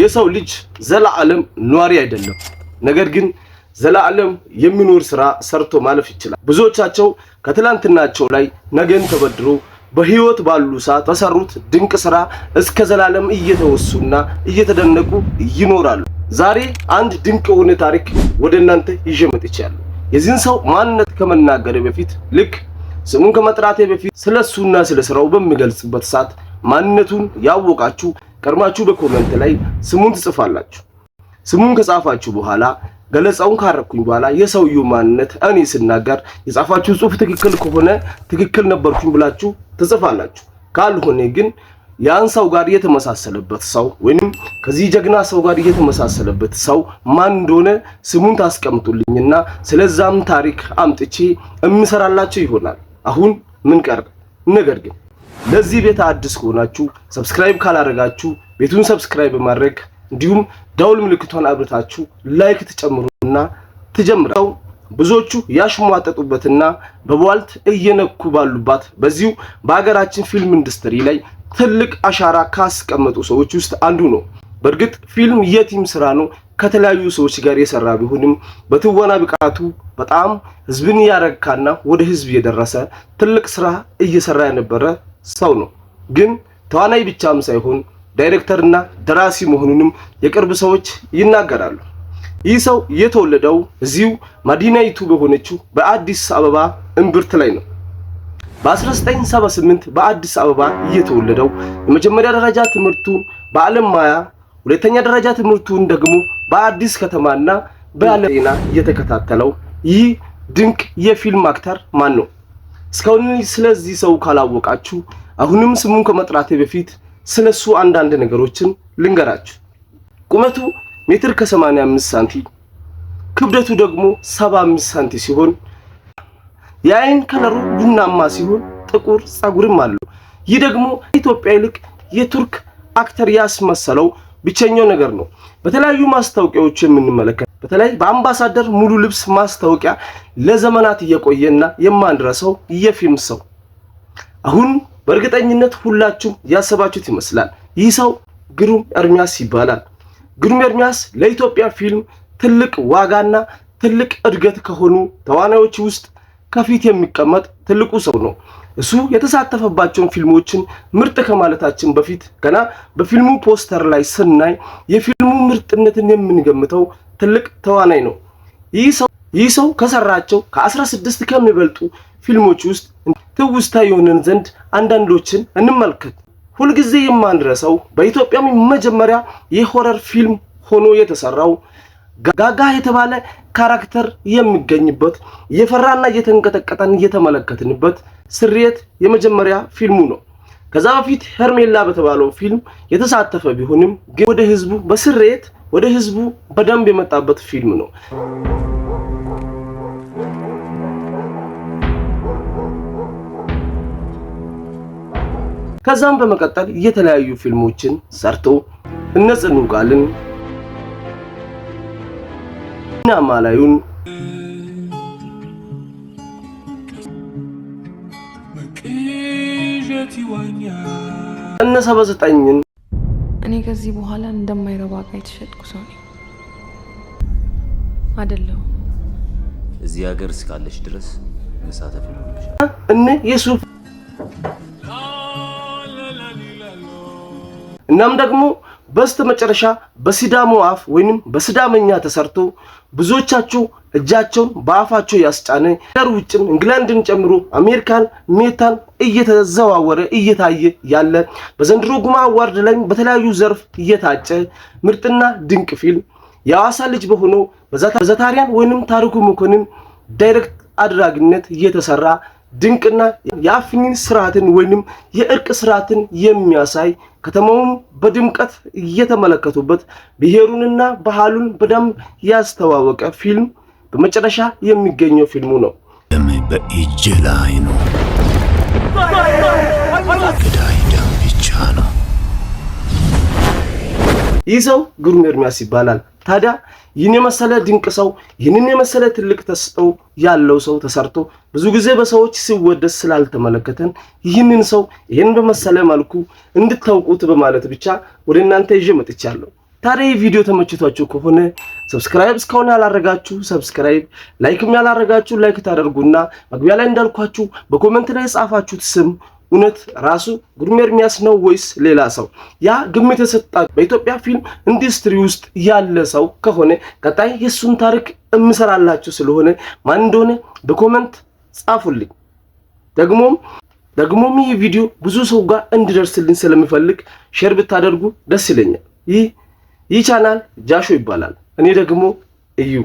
የሰው ልጅ ዘላዓለም ኗሪ አይደለም። ነገር ግን ዘላዓለም የሚኖር ስራ ሰርቶ ማለፍ ይችላል። ብዙዎቻቸው ከትላንትናቸው ላይ ነገን ተበድሮ በህይወት ባሉ ሰዓት በሰሩት ድንቅ ስራ እስከ ዘላለም እየተወሱና እየተደነቁ ይኖራሉ። ዛሬ አንድ ድንቅ የሆነ ታሪክ ወደ እናንተ ይዤ መጥቻለሁ። የዚህን ሰው ማንነት ከመናገሬ በፊት ልክ ስሙን ከመጥራቴ በፊት እሱና ስለ ስራው በሚገልጽበት ሰዓት ማንነቱን ያወቃችሁ ቀድማችሁ በኮመንት ላይ ስሙን ትጽፋላችሁ። ስሙን ከጻፋችሁ በኋላ ገለጻውን ካረኩኝ በኋላ የሰውየው ማንነት እኔ ስናገር የጻፋችሁ ጽሁፍ ትክክል ከሆነ ትክክል ነበርኩኝ ብላችሁ ትጽፋላችሁ። ካልሆነ ግን ያን ሰው ጋር የተመሳሰለበት ሰው ወይም ከዚህ ጀግና ሰው ጋር የተመሳሰለበት ሰው ማን እንደሆነ ስሙን ታስቀምጡልኝና ስለዛም ታሪክ አምጥቼ እምሰራላችሁ ይሆናል። አሁን ምን ቀረ? ነገር ግን ለዚህ ቤት አዲስ ከሆናችሁ ሰብስክራይብ ካላደረጋችሁ ቤቱን ሰብስክራይብ በማድረግ እንዲሁም ደውል ምልክቷን አብርታችሁ ላይክ ትጨምሩና ትጀምራው ብዙዎቹ ያሽሟጠጡበትና በቧልት እየነኩ ባሉባት በዚሁ በሀገራችን ፊልም ኢንዱስትሪ ላይ ትልቅ አሻራ ካስቀመጡ ሰዎች ውስጥ አንዱ ነው። በእርግጥ ፊልም የቲም ስራ ነው። ከተለያዩ ሰዎች ጋር የሰራ ቢሆንም በትወና ብቃቱ በጣም ህዝብን ያረካና ወደ ህዝብ የደረሰ ትልቅ ስራ እየሰራ የነበረ ሰው ነው። ግን ተዋናይ ብቻም ሳይሆን ዳይሬክተርና ደራሲ መሆኑንም የቅርብ ሰዎች ይናገራሉ። ይህ ሰው የተወለደው እዚሁ መዲናይቱ በሆነችው በአዲስ አበባ እምብርት ላይ ነው። በ1978 በአዲስ አበባ እየተወለደው የመጀመሪያ ደረጃ ትምህርቱን በዓለም ማያ፣ ሁለተኛ ደረጃ ትምህርቱን ደግሞ በአዲስ ከተማና በዓለም ዜና እየተከታተለው ይህ ድንቅ የፊልም አክተር ማን ነው? እስካሁን ስለዚህ ሰው ካላወቃችሁ አሁንም ስሙን ከመጥራቴ በፊት ስለሱ አንዳንድ ነገሮችን ልንገራችሁ። ቁመቱ ሜትር ከ85 ሳንቲ ክብደቱ ደግሞ 75 ሳንቲ ሲሆን የአይን ከለሩ ቡናማ ሲሆን ጥቁር ጸጉርም አለው። ይህ ደግሞ ኢትዮጵያ ይልቅ የቱርክ አክተር ያስመሰለው ብቸኛው ነገር ነው። በተለያዩ ማስታወቂያዎች የምንመለከት በተለይ በአምባሳደር ሙሉ ልብስ ማስታወቂያ ለዘመናት እየቆየና የማንረሳው የፊልም ሰው አሁን በእርግጠኝነት ሁላችሁም ያሰባችሁት ይመስላል። ይህ ሰው ግሩም ኤርሚያስ ይባላል። ግሩም ኤርሚያስ ለኢትዮጵያ ፊልም ትልቅ ዋጋና ትልቅ እድገት ከሆኑ ተዋናዮች ውስጥ ከፊት የሚቀመጥ ትልቁ ሰው ነው። እሱ የተሳተፈባቸውን ፊልሞችን ምርጥ ከማለታችን በፊት ገና በፊልሙ ፖስተር ላይ ስናይ የፊልሙ ምርጥነትን የምንገምተው ትልቅ ተዋናይ ነው። ይህ ሰው ከሰራቸው ከ16 ከሚበልጡ ፊልሞች ውስጥ ትውስታ የሆነን ዘንድ አንዳንዶችን እንመልከት። ሁልጊዜ የማንረሳው በኢትዮጵያም መጀመሪያ የሆረር ፊልም ሆኖ የተሰራው ጋጋ የተባለ ካራክተር የሚገኝበት እየፈራና እየተንቀጠቀጠን እየተመለከትንበት ስርየት የመጀመሪያ ፊልሙ ነው። ከዛ በፊት ሄርሜላ በተባለው ፊልም የተሳተፈ ቢሆንም ግን ወደ ህዝቡ በስርየት ወደ ህዝቡ በደንብ የመጣበት ፊልም ነው። ከዛም በመቀጠል የተለያዩ ፊልሞችን ሰርቶ እነ ጽኑ ቃልን እና ማላዩን እነ ሰባ ዘጠኝን እኔ ከዚህ በኋላ እንደማይረባ እቃ የተሸጥኩ ሰው ነኝ አደለሁ እዚህ ሀገር እስካለች ድረስ መሳተፍ ነው እነ የሱፍ እናም ደግሞ በስተ መጨረሻ በሲዳሞ አፍ ወይንም በሲዳመኛ ተሰርቶ ብዙዎቻችሁ እጃቸውን በአፋቸው ያስጫነ ከሀገር ውጭም እንግላንድን ጨምሮ አሜሪካን ሜታን እየተዘዋወረ እየታየ ያለ በዘንድሮ ጉማ አዋርድ ላይ በተለያዩ ዘርፍ እየታጨ ምርጥና ድንቅ ፊልም የአዋሳ ልጅ በሆነው በዛታሪያን ወይንም ታሪኩ መኮንን ዳይሬክት አድራጊነት እየተሰራ ድንቅና የአፍኝን ስርዓትን ወይንም የእርቅ ስርዓትን የሚያሳይ ከተማውም በድምቀት እየተመለከቱበት ብሔሩንና ባህሉን በደንብ ያስተዋወቀ ፊልም በመጨረሻ የሚገኘው ፊልሙ ነው። በእጅ ላይ ነው። ገዳይ ደም ብቻ ነው። ይህ ሰው ግሩም ኤርሚያስ ይባላል። ታዲያ ይህን የመሰለ ድንቅ ሰው ይህንን የመሰለ ትልቅ ተስጦ ያለው ሰው ተሰርቶ ብዙ ጊዜ በሰዎች ሲወደስ ስላልተመለከተን ይህንን ሰው ይህን በመሰለ መልኩ እንድታውቁት በማለት ብቻ ወደ እናንተ ይዤ መጥቻለሁ። ታዲያ ይህ ቪዲዮ ተመችቷችሁ ከሆነ ሰብስክራይብ እስካሁን ያላረጋችሁ ሰብስክራይብ፣ ላይክም ያላረጋችሁ ላይክ ታደርጉና መግቢያ ላይ እንዳልኳችሁ በኮመንት ላይ የጻፋችሁት ስም እውነት ራሱ ጉድሜ ኤርሚያስ ነው ወይስ ሌላ ሰው? ያ ግምት የሰጣ በኢትዮጵያ ፊልም ኢንዱስትሪ ውስጥ ያለ ሰው ከሆነ ቀጣይ የእሱን ታሪክ እምሰራላችሁ ስለሆነ ማን እንደሆነ በኮመንት ጻፉልኝ። ደግሞም ደግሞም ይህ ቪዲዮ ብዙ ሰው ጋር እንድደርስልኝ ስለሚፈልግ ሼር ብታደርጉ ደስ ይለኛል። ይህ ይህ ቻናል ጃሾ ይባላል። እኔ ደግሞ እዩ